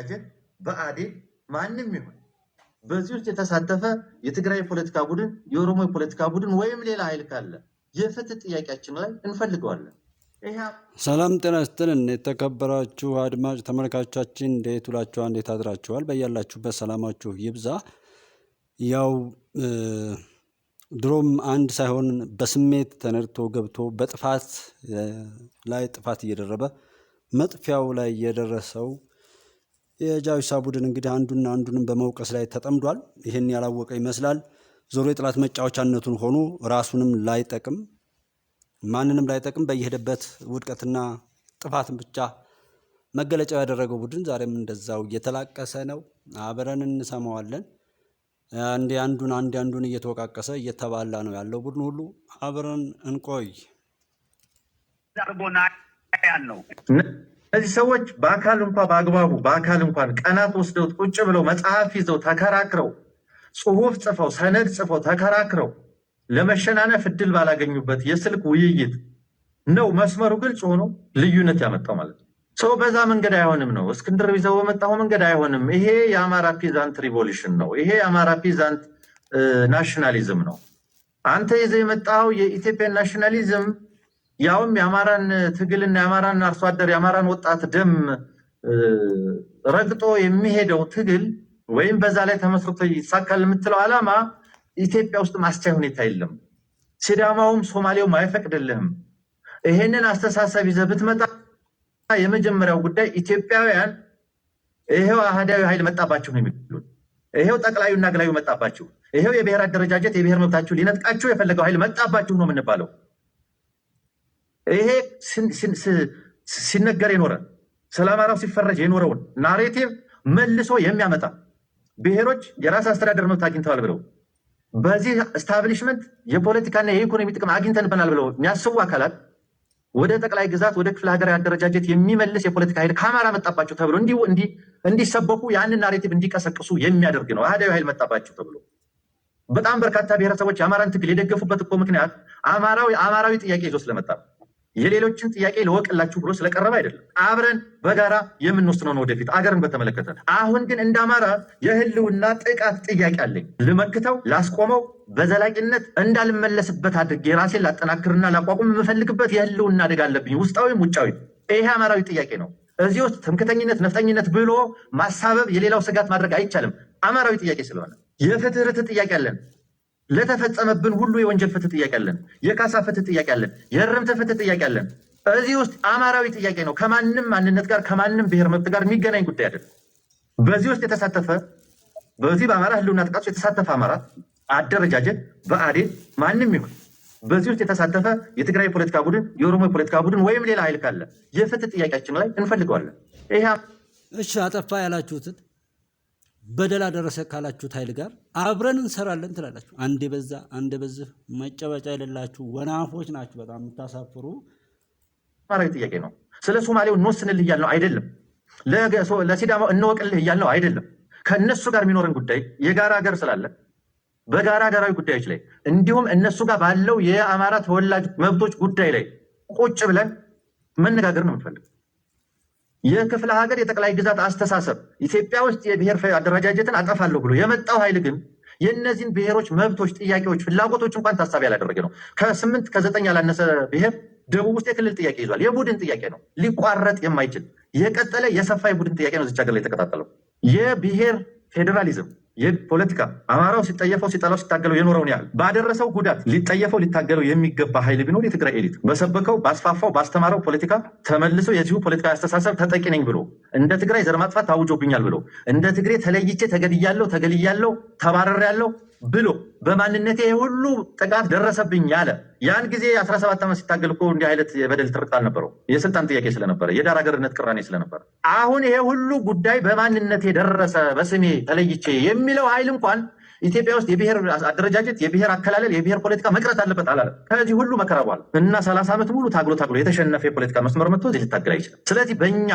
አጀት በአዴን ማንም ይሁን በዚህ ውስጥ የተሳተፈ የትግራይ ፖለቲካ ቡድን የኦሮሞ የፖለቲካ ቡድን ወይም ሌላ ኃይል ካለ የፍትህ ጥያቄያችን ላይ እንፈልገዋለን። ሰላም ጤና ይስጥልን። የተከበራችሁ አድማጭ ተመልካቾቻችን እንዴት ውላችኋል? እንዴት አድራችኋል? በያላችሁበት ሰላማችሁ ይብዛ። ያው ድሮም አንድ ሳይሆን በስሜት ተነድቶ ገብቶ በጥፋት ላይ ጥፋት እየደረበ መጥፊያው ላይ የደረሰው የጃዊሳ ቡድን እንግዲህ አንዱና አንዱንም በመውቀስ ላይ ተጠምዷል። ይህን ያላወቀ ይመስላል። ዞሮ የጥላት መጫወቻነቱን ሆኖ ራሱንም ላይጠቅም ማንንም ላይጠቅም በየሄደበት ውድቀትና ጥፋትን ብቻ መገለጫው ያደረገው ቡድን ዛሬም እንደዛው እየተላቀሰ ነው። አብረን እንሰማዋለን። አንዴ አንዱን አንዴ አንዱን እየተወቃቀሰ እየተባላ ነው ያለው ቡድን ሁሉ። አብረን እንቆይ። እነዚህ ሰዎች በአካል እንኳ በአግባቡ በአካል እንኳን ቀናት ወስደው ቁጭ ብለው መጽሐፍ ይዘው ተከራክረው ጽሁፍ ጽፈው ሰነድ ጽፈው ተከራክረው ለመሸናነፍ እድል ባላገኙበት የስልክ ውይይት ነው መስመሩ ግልጽ ሆኖ ልዩነት ያመጣው ማለት ነው። ሰው በዛ መንገድ አይሆንም ነው እስክንድር ይዘው በመጣው መንገድ አይሆንም። ይሄ የአማራ ፒዛንት ሪቮሉሽን ነው። ይሄ የአማራ ፒዛንት ናሽናሊዝም ነው። አንተ ይዘ የመጣው የኢትዮጵያ ናሽናሊዝም ያውም የአማራን ትግልና የአማራን አርሶ አደር የአማራን ወጣት ደም ረግጦ የሚሄደው ትግል ወይም በዛ ላይ ተመስርቶ ይሳካል የምትለው ዓላማ ኢትዮጵያ ውስጥ ማስቻይ ሁኔታ የለም። ሲዳማውም ሶማሌውም አይፈቅድልህም። ይሄንን አስተሳሰብ ይዘህ ብትመጣ የመጀመሪያው ጉዳይ ኢትዮጵያውያን ይሄው አህዳዊ ኃይል መጣባችሁ ነው የሚሉት። ይሄው ጠቅላዩና ግላዩ መጣባችሁ፣ ይሄው የብሔር አደረጃጀት የብሔር መብታችሁ ሊነጥቃችሁ የፈለገው ኃይል መጣባችሁ ነው የምንባለው። ይሄ ሲነገር የኖረ ስለአማራው ሲፈረጅ የኖረውን ናሬቲቭ መልሶ የሚያመጣ ብሔሮች የራስ አስተዳደር መብት አግኝተዋል ብለው በዚህ ስታብሊሽመንት የፖለቲካና የኢኮኖሚ ጥቅም አግኝተንበናል ብለው የሚያስቡ አካላት ወደ ጠቅላይ ግዛት ወደ ክፍለ ሀገር አደረጃጀት የሚመልስ የፖለቲካ ኃይል ከአማራ መጣባቸው ተብሎ እንዲሰበኩ ያንን ናሬቲቭ እንዲቀሰቅሱ የሚያደርግ ነው። አህዳዊ ኃይል መጣባቸው ተብሎ በጣም በርካታ ብሔረሰቦች የአማራን ትግል የደገፉበት እኮ ምክንያት አማራዊ አማራዊ ጥያቄ ይዞ ስለመጣ ነው። የሌሎችን ጥያቄ ልወቅላችሁ ብሎ ስለቀረበ አይደለም። አብረን በጋራ የምንወስነው ነው ወደፊት አገርን በተመለከተ። አሁን ግን እንደ አማራ የህልውና ጥቃት ጥያቄ አለኝ። ልመክተው፣ ላስቆመው፣ በዘላቂነት እንዳልመለስበት አድርጌ የራሴን ላጠናክርና ላቋቁም የምፈልግበት የህልውና አደጋ አለብኝ፣ ውስጣዊም ውጫዊም። ይሄ አማራዊ ጥያቄ ነው። እዚህ ውስጥ ትምክተኝነት፣ ነፍጠኝነት ብሎ ማሳበብ የሌላው ስጋት ማድረግ አይቻልም። አማራዊ ጥያቄ ስለሆነ የፍትህ ርትዕ ጥያቄ አለን። ለተፈጸመብን ሁሉ የወንጀል ፍትህ ጥያቄ አለን። የካሳ ፍትህ ጥያቄ አለን። የእርምት ፍትህ ጥያቄ አለን። እዚህ ውስጥ አማራዊ ጥያቄ ነው። ከማንም ማንነት ጋር ከማንም ብሔር መብት ጋር የሚገናኝ ጉዳይ አይደለም። በዚህ ውስጥ የተሳተፈ በዚህ በአማራ ህልውና ጥቃት የተሳተፈ አማራ አደረጃጀት በአዴን ማንም ይሁን በዚህ ውስጥ የተሳተፈ የትግራይ ፖለቲካ ቡድን የኦሮሞ የፖለቲካ ቡድን ወይም ሌላ ኃይል ካለ የፍትህ ጥያቄያችን ላይ እንፈልገዋለን። ይህ እሺ አጠፋ ያላችሁትን በደል አደረሰ ካላችሁት ኃይል ጋር አብረን እንሰራለን ትላላችሁ። አንድ በዛ አንድ በዝህ መጨበጫ የሌላችሁ ወናፎች ናችሁ። በጣም የምታሳፍሩ። ማራዊ ጥያቄ ነው። ስለ ሶማሌው እንወስንልህ እያልነው አይደለም። ለሲዳማው እንወቅልህ እያልነው አይደለም። ከእነሱ ጋር የሚኖረን ጉዳይ የጋራ ሀገር ስላለ በጋራ ሀገራዊ ጉዳዮች ላይ እንዲሁም እነሱ ጋር ባለው የአማራ ተወላጅ መብቶች ጉዳይ ላይ ቁጭ ብለን መነጋገር ነው የምትፈልግ የክፍለ ሀገር የጠቅላይ ግዛት አስተሳሰብ ኢትዮጵያ ውስጥ የብሔር አደረጃጀትን አጠፋለሁ ብሎ የመጣው ኃይል ግን የእነዚህን ብሔሮች መብቶች፣ ጥያቄዎች፣ ፍላጎቶች እንኳን ታሳቢ ያላደረገ ነው። ከስምንት ከዘጠኝ ያላነሰ ብሔር ደቡብ ውስጥ የክልል ጥያቄ ይዟል። የቡድን ጥያቄ ነው፣ ሊቋረጥ የማይችል የቀጠለ የሰፋ የቡድን ጥያቄ ነው። ዝቻገር ላይ የተቀጣጠለው የብሔር ፌዴራሊዝም ይህ ፖለቲካ አማራው ሲጠየፈው ሲጠላው ሲታገለው የኖረውን ያህል ባደረሰው ጉዳት ሊጠየፈው ሊታገለው የሚገባ ኃይል ቢኖር የትግራይ ኤሊት በሰበከው ባስፋፋው ባስተማረው ፖለቲካ ተመልሶ የዚሁ ፖለቲካ አስተሳሰብ ተጠቂ ነኝ ብሎ እንደ ትግራይ ዘር ማጥፋት ታውጆብኛል ብሎ እንደ ትግሬ ተለይቼ ተገድያለው ተገልያለው ተባረር ያለው ብሎ በማንነቴ ሁሉ ጥቃት ደረሰብኝ አለ። ያን ጊዜ የአስራ ዓመት ሲታገል እኮ እንዲህ አይነት የበደል ትርቅ አልነበረው። የስልጣን ጥያቄ ስለነበረ፣ የዳር ሀገርነት ቅራኔ ስለነበረ፣ አሁን ይሄ ሁሉ ጉዳይ በማንነቴ ደረሰ በስሜ ተለይቼ የሚለው ኃይል እንኳን ኢትዮጵያ ውስጥ የብሔር አደረጃጀት፣ የብሔር አከላለል፣ የብሔር ፖለቲካ መቅረት አለበት አላለ። ከዚህ ሁሉ መከራ በኋላ እና ሰላሳ ዓመት ሙሉ ታግሎ ታግሎ የተሸነፈ የፖለቲካ መስመር መጥቶ እዚህ ልታገል አይችልም። ስለዚህ በእኛ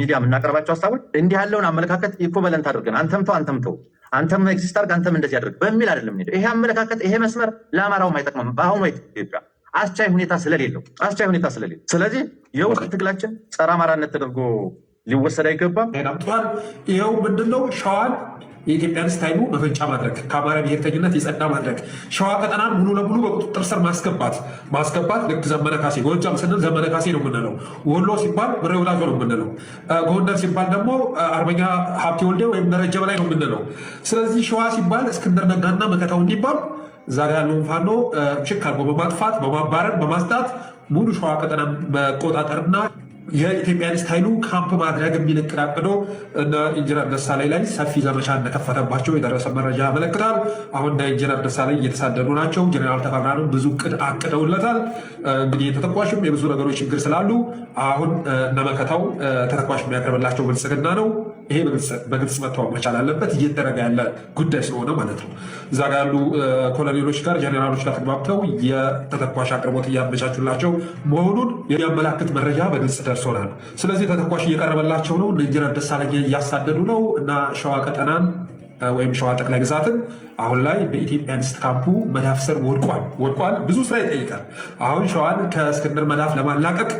ሚዲያ የምናቀርባቸው ሀሳቦች እንዲህ ያለውን አመለካከት ኢኮበለንት አድርገን አንተምተው አንተምተው አንተም ኤግዚስት አድርግ አንተም እንደዚህ ያደርግ በሚል አይደለም ሄደው። ይሄ አመለካከት ይሄ መስመር ለአማራውም አይጠቅምም። በአሁኑ ኢትዮጵያ አስቻይ ሁኔታ ስለሌለው አስቻይ ሁኔታ ስለሌለው፣ ስለዚህ የውስጥ ትግላችን ጸረ አማራነት ተደርጎ ሊወሰድ አይገባም። ይኸው ምንድነው ሸዋን የኢትዮጵያን ስታይሉ መፈንጫ ማድረግ፣ ከአማራ ብሔርተኝነት የጸዳ ማድረግ፣ ሸዋ ቀጠናን ሙሉ ለሙሉ በቁጥጥር ስር ማስገባት ማስገባት ልክ ዘመነ ካሴ ጎጃም ስንል ዘመነ ካሴ ነው የምንለው። ወሎ ሲባል ምሬ ነው የምንለው። ጎንደር ሲባል ደግሞ አርበኛ ሀብቴ ወልዴ ወይም ደረጀ በላይ ነው የምንለው። ስለዚህ ሸዋ ሲባል እስክንድር ነጋና መከታው እንዲባል ዛሬ ያለውን ፋኖ ሽክ አድርጎ በማጥፋት በማባረር በማስጣት ሙሉ ሸዋ ቀጠና መቆጣጠርና ንስት ኃይሉ ካምፕ ማድረግ የሚል እቅድ አቅዶ እነ ኢንጂነር ደሳለኝ ላይ ሰፊ ዘመቻ እንደከፈተባቸው የደረሰ መረጃ ያመለክታል። አሁን እነ ኢንጂነር ደሳለኝ እየተሳደዱ ናቸው። ጀኔራል ተፈራንም ብዙ እቅድ አቅደውለታል። እንግዲህ ተተኳሽም የብዙ ነገሮች ችግር ስላሉ አሁን እነመከታው ተተኳሽ የሚያቀርብላቸው ብልጽግና ነው። ይሄ በግልጽ መታወቅ መቻል አለበት፣ እየተደረገ ያለ ጉዳይ ስለሆነ ማለት ነው። እዛ ጋ ያሉ ኮሎኔሎች ጋር ጀኔራሎች ጋር ተግባብተው የተተኳሽ አቅርቦት እያመቻቹላቸው መሆኑን የሚያመላክት መረጃ በግልጽ ደርሶናል። ስለዚህ ተተኳሽ እየቀረበላቸው ነው። ኢንጂነር ደሳለኝ እያሳደዱ ነው እና ሸዋ ቀጠናን ወይም ሸዋ ጠቅላይ ግዛትን አሁን ላይ በኢትዮጵያ ንስት ካምፑ መዳፍ ስር ወድቋል ወድቋል። ብዙ ስራ ይጠይቃል። አሁን ሸዋን ከእስክንድር መዳፍ ለማላቀቅ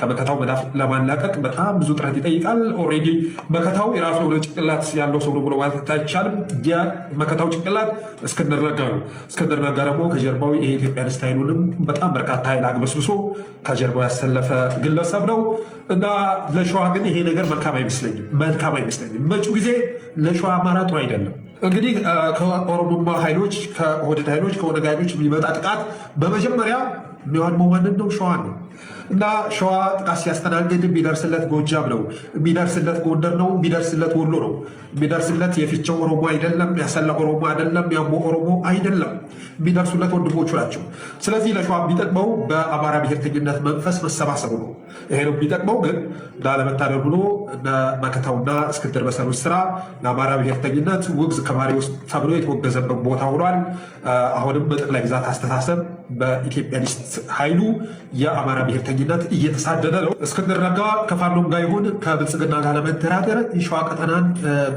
ከበከታው ለማላቀቅ በጣም ብዙ ጥረት ይጠይቃል። ኦልሬዲ መከታው የራሱ የሆነ ጭንቅላት ያለው ሰው ብሎ ማለት አይቻልም። መከታው ጭንቅላት እስክንድር ነጋ ነው። እስክንድር ነጋ ደግሞ ከጀርባው የኢትዮጵያን ስታይሉንም በጣም በርካታ ኃይል አግበስብሶ ከጀርባው ያሰለፈ ግለሰብ ነው እና ለሸዋ ግን ይሄ ነገር መልካም አይመስለኝም። መልካም አይመስለኝም። መጪው ጊዜ ለሸዋ አማራ ጥሩ አይደለም። እንግዲህ ከኦሮሞማ ኃይሎች ከወደድ ኃይሎች ከወደግ ኃይሎች የሚመጣ ጥቃት በመጀመሪያ የሚያወድመው ማንን ነው? ሸዋ ነው። እና ሸዋ ጥቃት ሲያስተናግድ የሚደርስለት ጎጃም ነው፣ የሚደርስለት ጎንደር ነው፣ የሚደርስለት ወሎ ነው፣ የሚደርስለት የፊቸው ኦሮሞ አይደለም፣ ያሰላ ኦሮሞ አይደለም፣ ያቦ ኦሮሞ አይደለም፣ የሚደርሱለት ወንድሞቹ ናቸው። ስለዚህ ለሸዋ የሚጠቅመው በአማራ ብሔርተኝነት መንፈስ መሰባሰቡ ነው። ይሄ ነው የሚጠቅመው። ግን ላለመታደል ብሎ መከታውና እስክንድር በሰሩት ስራ ለአማራ ብሔርተኝነት ውግዝ ከማሪ ውስጥ ተብሎ የተወገዘበት ቦታ ሆኗል። አሁንም በጠቅላይ ግዛት አስተሳሰብ በኢትዮጵያኒስት ኃይሉ የአማራ ብሔርተኝ በሽብርተኝነት እየተሳደደ ነው። እስክንድር ነጋ ከፋኖ ጋር ይሁን ከብልጽግና ጋር ለመደራደር የሸዋ ቀጠናን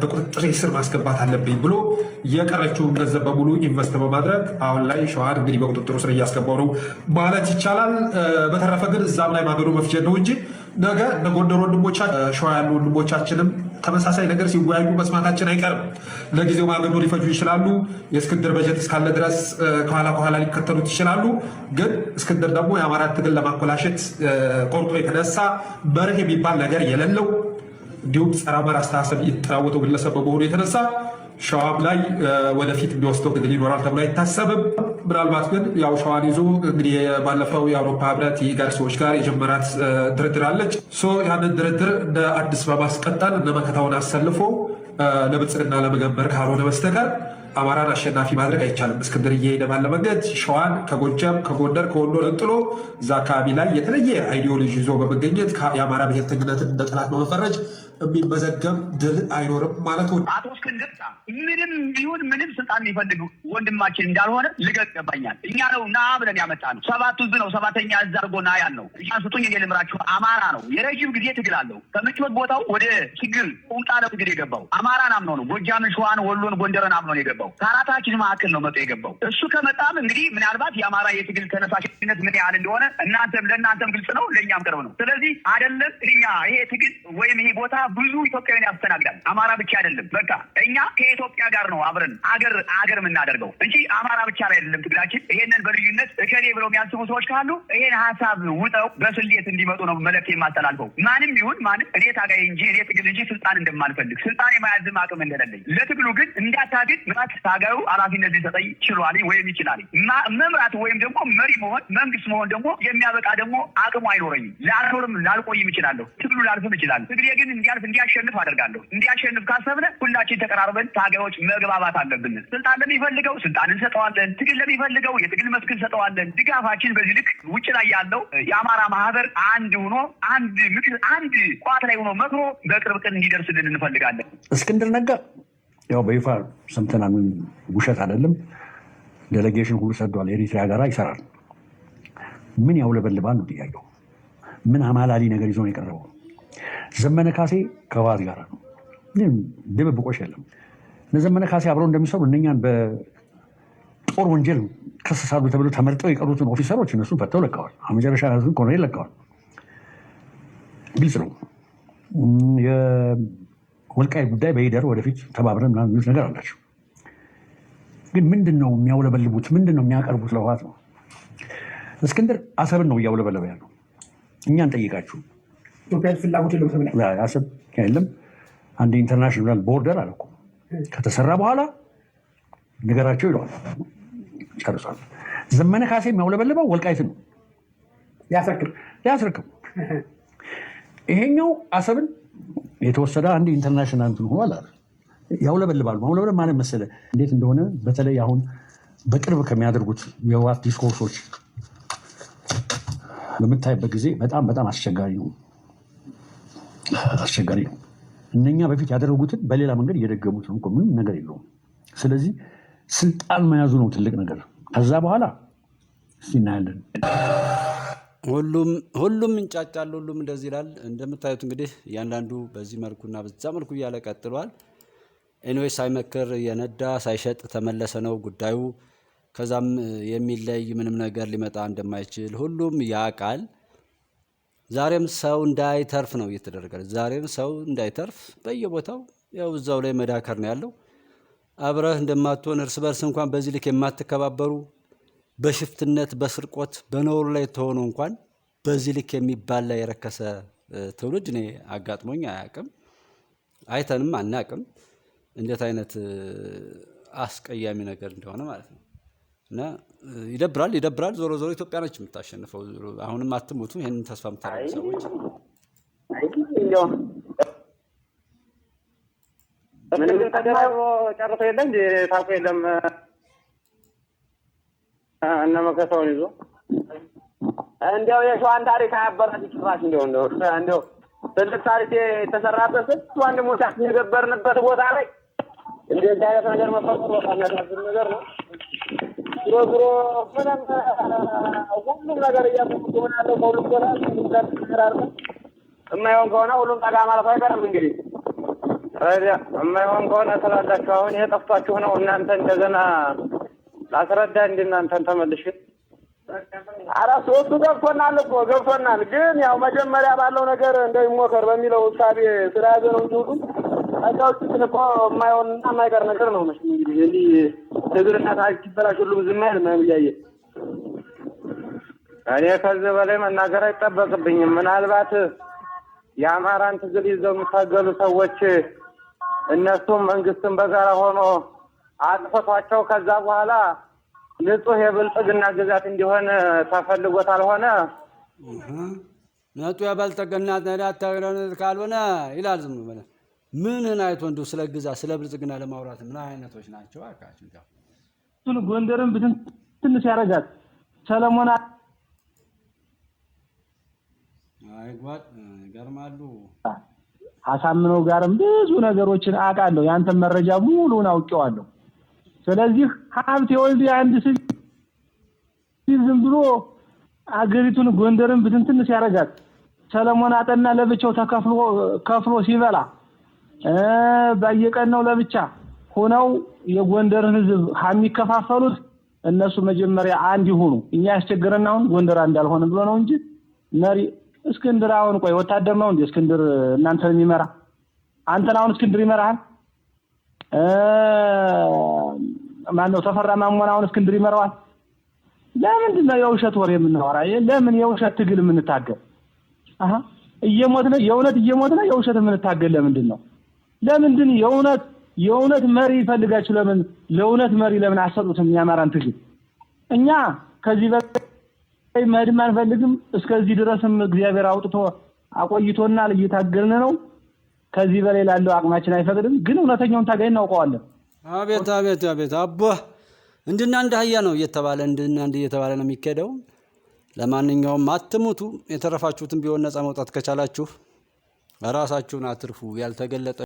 በቁጥጥር ስር ማስገባት አለብኝ ብሎ የቀረችውን ገንዘብ በሙሉ ኢንቨስት በማድረግ አሁን ላይ ሸዋን እንግዲህ በቁጥጥሩ ስር እያስገባው ነው ማለት ይቻላል። በተረፈ ግን እዛም ላይ ማገዶ መፍጀት ነው እንጂ ነገ እነ ጎንደር ሸዋ ያሉ ወንድሞቻችንም ተመሳሳይ ነገር ሲወያዩ መስማታችን አይቀርም። ለጊዜው ማገዶ ሊፈጁ ይችላሉ። የእስክንድር በጀት እስካለ ድረስ ከኋላ ከኋላ ሊከተሉት ይችላሉ። ግን እስክንድር ደግሞ የአማራ ትግል ለማኮላሸት ቆርጦ የተነሳ መርህ የሚባል ነገር የሌለው እንዲሁም ጸረ አማራ አስተሳሰብ የተራወተው ግለሰብ በመሆኑ የተነሳ ሸዋም ላይ ወደፊት እንዲወስደው ትግል ይኖራል ተብሎ አይታሰብም። ምናልባት ግን ያው ሸዋን ይዞ እንግዲህ ባለፈው የአውሮፓ ህብረት የኢጋድ ሰዎች ጋር የጀመራት ድርድር አለች። ያንን ድርድር እንደ አዲስ በማስቀጠል እነ መከታውን አሰልፎ ለብልጽግና ለመገንበር ካልሆነ በስተቀር አማራን አሸናፊ ማድረግ አይቻልም። እስክንድር እየሄደ ባለ መንገድ ሸዋን ከጎጃም ከጎንደር ከወሎ ነጥሎ እዛ አካባቢ ላይ የተለየ አይዲዮሎጂ ይዞ በመገኘት የአማራ ብሔርተኝነትን እንደ ጠላት በመፈረጅ የሚመዘገብ ድል አይኖርም ማለት ነው። አቶ እስክንድር ምንም ይሁን ምንም ስልጣን የሚፈልግ ወንድማችን እንዳልሆነ ልገጥ ገባኛል። እኛ ነው ና ብለን ያመጣ ነው። ሰባቱ ዝ ነው ሰባተኛ እዛ አድርጎ ና ያልነው ስጡኝ እኔ ልምራችሁ አማራ ነው። የረዥም ጊዜ ትግል አለው። ከምቾት ቦታው ወደ ችግር ቁምጣ ነው ትግል የገባው አማራን አምኖ ነው። ጎጃምን፣ ሸዋን፣ ወሎን፣ ጎንደርን አምኖ ነው የገባው። ከአራታችን መካከል ነው መጥቶ የገባው። እሱ ከመጣም እንግዲህ ምናልባት የአማራ የትግል ተነሳሽነት ምን ያህል እንደሆነ እናንተም ለእናንተም ግልጽ ነው፣ ለእኛም ቅርብ ነው። ስለዚህ አይደለም እኛ ይሄ ትግል ወይም ይሄ ቦታ ብዙ ኢትዮጵያውያን ያስተናግዳል። አማራ ብቻ አይደለም። በቃ እኛ ከኢትዮጵያ ጋር ነው አብረን አገር አገር የምናደርገው እንጂ አማራ ብቻ ላይ አይደለም ትግላችን። ይሄንን በልዩነት እከሌ ብለው የሚያስቡ ሰዎች ካሉ ይሄን ሀሳብ ውጠው በስሌት እንዲመጡ ነው መልዕክት የማስተላልፈው። ማንም ይሁን ማንም እኔ ታጋይ እንጂ እኔ ትግል እንጂ ስልጣን እንደማልፈልግ ስልጣን የመያዝም አቅም እንደሌለኝ ለትግሉ ግን እንዳታግድ ምራት ታጋዩ ኃላፊነት ሊሰጠኝ ችሏል ወይም ይችላል። መምራት ወይም ደግሞ መሪ መሆን መንግስት መሆን ደግሞ የሚያበቃ ደግሞ አቅሙ አይኖረኝም። ላልኖርም ላልቆይም ይችላለሁ። ትግሉ ላልፍም ይችላል። ትግሌ ግን እንዲያ ማለት እንዲያሸንፍ አደርጋለሁ። እንዲያሸንፍ ካሰብነ ሁላችን ተቀራርበን ታጋዮች መግባባት አለብን። ስልጣን ለሚፈልገው ስልጣን እንሰጠዋለን። ትግል ለሚፈልገው የትግል መስክ እንሰጠዋለን። ድጋፋችን በዚህ ልክ ውጭ ላይ ያለው የአማራ ማህበር አንድ ሆኖ አንድ ምክር አንድ ቋት ላይ ሆኖ መክሮ በቅርብ ቀን እንዲደርስልን እንፈልጋለን። እስክንድር ነጋ ያው በይፋ ሰምተናል። ውሸት አይደለም። ዴሌጌሽን ሁሉ ሰዷል። ኤሪትሪያ ጋራ ይሰራል። ምን ያውለበልባል ነው ጥያቄው። ምን አማላሊ ነገር ይዞ ነው የቀረበው? ዘመነ ካሴ ከህወሓት ጋር ነው። ድብብቆሽ የለም። እነ ዘመነ ካሴ አብረው እንደሚሰሩ እነኛን በጦር ወንጀል ከሰሳሉ ተብሎ ተመርጠው የቀሩትን ኦፊሰሮች እነሱን ፈተው ለቀዋል። መጨረሻ ህዝብን ኮሎኔል ለቀዋል። ግልጽ ነው። የወልቃይ ጉዳይ በሂደር ወደፊት ተባብረን ምናምን የሚሉት ነገር አላቸው። ግን ምንድን ነው የሚያውለበልቡት? ምንድን ነው የሚያቀርቡት? ለህወሓት ነው። እስክንድር አሰብን ነው እያውለበለበ ያለው። እኛን ጠይቃችሁ ኢትዮጵያ ፍላጎት የለም ተብላ አሰብ የለም። አንድ ኢንተርናሽናል ቦርደር አለ ከተሰራ በኋላ ነገራቸው ይለዋል። ጨርሷል። ዘመነ ካሴ የሚያውለበልበው ወልቃይት ነው ሊያስረክብ ይሄኛው አሰብን የተወሰደ አንድ ኢንተርናሽናል እንትን ሆኗል አለ ያውለበልባሉ። ማውለበልብ ማለት መሰለ እንዴት እንደሆነ በተለይ አሁን በቅርብ ከሚያደርጉት የዋት ዲስኮርሶች በምታይበት ጊዜ በጣም በጣም አስቸጋሪ ነው። አስቸጋሪ ነው። እነኛ በፊት ያደረጉትን በሌላ መንገድ እየደገሙት ነው። ምንም ነገር የለውም። ስለዚህ ስልጣን መያዙ ነው ትልቅ ነገር። ከዛ በኋላ እናያለን። ሁሉም እንጫጫል፣ ሁሉም እንደዚህ ይላል። እንደምታዩት እንግዲህ እያንዳንዱ በዚህ መልኩና በዛ መልኩ እያለ ቀጥሏል። ኤንዌይ ሳይመክር የነዳ ሳይሸጥ ተመለሰ ነው ጉዳዩ። ከዛም የሚለይ ምንም ነገር ሊመጣ እንደማይችል ሁሉም ያውቃል። ዛሬም ሰው እንዳይተርፍ ነው እየተደረገ ዛሬም ሰው እንዳይተርፍ በየቦታው ያው እዛው ላይ መዳከር ነው ያለው። አብረህ እንደማትሆን እርስ በርስ እንኳን በዚህ ልክ የማትከባበሩ በሽፍትነት በስርቆት በነውር ላይ ተሆኑ እንኳን በዚህ ልክ የሚባላ የረከሰ ትውልድ እኔ አጋጥሞኝ አያውቅም፣ አይተንም አናውቅም። እንዴት አይነት አስቀያሚ ነገር እንደሆነ ማለት ነው። እና ይደብራል ይደብራል። ዞሮ ዞሮ ኢትዮጵያ ነች የምታሸንፈው። አሁንም አትሙቱ። ይህንን ተስፋ የምታደርጉ ሰዎች ጨርሶ የለም ታቆ የለም እነ መከሰውን ይዞ እንዲያው የሸዋን ታሪክ አያበራት ጭራሽ እንዲ እንዲ ትልቅ ታሪክ የተሰራበት ስንት ወንድም የገበርንበት ቦታ ላይ እንደዚህ አይነት ነገር መፈጠሩ በጣም የሚያሳዝን ነገር ነው። ዞሮ ዞሮ ምንም ሁሉም ነገር እያቆምኩን ያለው ከሁሉም ቦታ ተራርቀን የማይሆን ከሆነ ሁሉም ጠጋ ማለቱ አይቀርም። እንግዲህ የማይሆን ከሆነ ስላላችሁ አሁን ይሄ ጠፍቷችሁ ነው እናንተ እንደገና ላስረዳ እንዲ እናንተን ተመልሽ አራት ሶስቱ ገብቶናል እኮ ገብቶናል። ግን ያው መጀመሪያ ባለው ነገር እንደሚሞከር በሚለው እሳቤ ስለያዘ ነው እንጂ ሁሉም ጠጋዎች እኮ የማይሆንና የማይቀር ነገር ነው መስ እንግዲህ እግርና ታሪክ ሲበላሽ ሁሉም ዝም አይልም። እያየ እኔ ከዚህ በላይ መናገር አይጠበቅብኝም። ምናልባት የአማራን ትግል ይዘው የሚታገሉ ሰዎች እነሱም መንግስትን በጋራ ሆኖ አጥፈቷቸው ከዛ በኋላ ንጹህ የብልጽግና ግዛት እንዲሆን ተፈልጎት አልሆነ ነጡ የብልጽግና ነዳት ካልሆነ ይላል። ዝም ብለህ ምንህን አይቶ እንዲሁ ስለ ግዛት ስለ ብልጽግና ለማውራት ምን አይነቶች ናቸው አካችን ጋር እሱን ጎንደርን ብትን ትንሽ ያረጋት ሰለሞን ይገርማሉ። አሳምነው ጋርም ብዙ ነገሮችን አውቃለሁ። ያንተን መረጃ ሙሉውን አውቄዋለሁ። ስለዚህ ሀብት የወልድ አንድ ሲል ዝም ብሎ አገሪቱን ጎንደርን ብትንትን ሲያረጋት ሰለሞን አጠና ለብቻው ተከፍሎ ከፍሎ ሲበላ በየቀን ነው ለብቻ ሆነው የጎንደርን ህዝብ የሚከፋፈሉት እነሱ መጀመሪያ አንድ ይሁኑ። እኛ ያስቸገረን አሁን ጎንደር አንድ አልሆንም ብሎ ነው እንጂ መሪ እስክንድር አሁን ቆይ ወታደር ነው እንዲ እስክንድር እናንተን የሚመራ? አንተን አሁን እስክንድር ይመራሃል? ማን ነው ተፈራ ማሞን አሁን እስክንድር ይመራዋል? ለምንድን ነው የውሸት ወሬ የምናወራ? ለምን የውሸት ትግል የምንታገል? እየሞት ነው የእውነት እየሞት ነው የውሸት የምንታገል ለምንድን ነው? ለምንድን የእውነት የእውነት መሪ ይፈልጋችሁ። ለምን ለእውነት መሪ ለምን አሰጡትም? የአማራን ትግል እኛ ከዚህ በላይ መድም አንፈልግም። እስከዚህ ድረስም እግዚአብሔር አውጥቶ አቆይቶናል፣ እየታገልን ነው። ከዚህ በላይ ላለው አቅማችን አይፈቅድም። ግን እውነተኛውን ታጋይ እናውቀዋለን። አቤት አቤት አቤት አቦ እንድና እንደ አህያ ነው እየተባለ እንድና እንድ እየተባለ ነው የሚካሄደው። ለማንኛውም አትሙቱ። የተረፋችሁትን ቢሆን ነፃ መውጣት ከቻላችሁ ራሳችሁን አትርፉ። ያልተገለጠ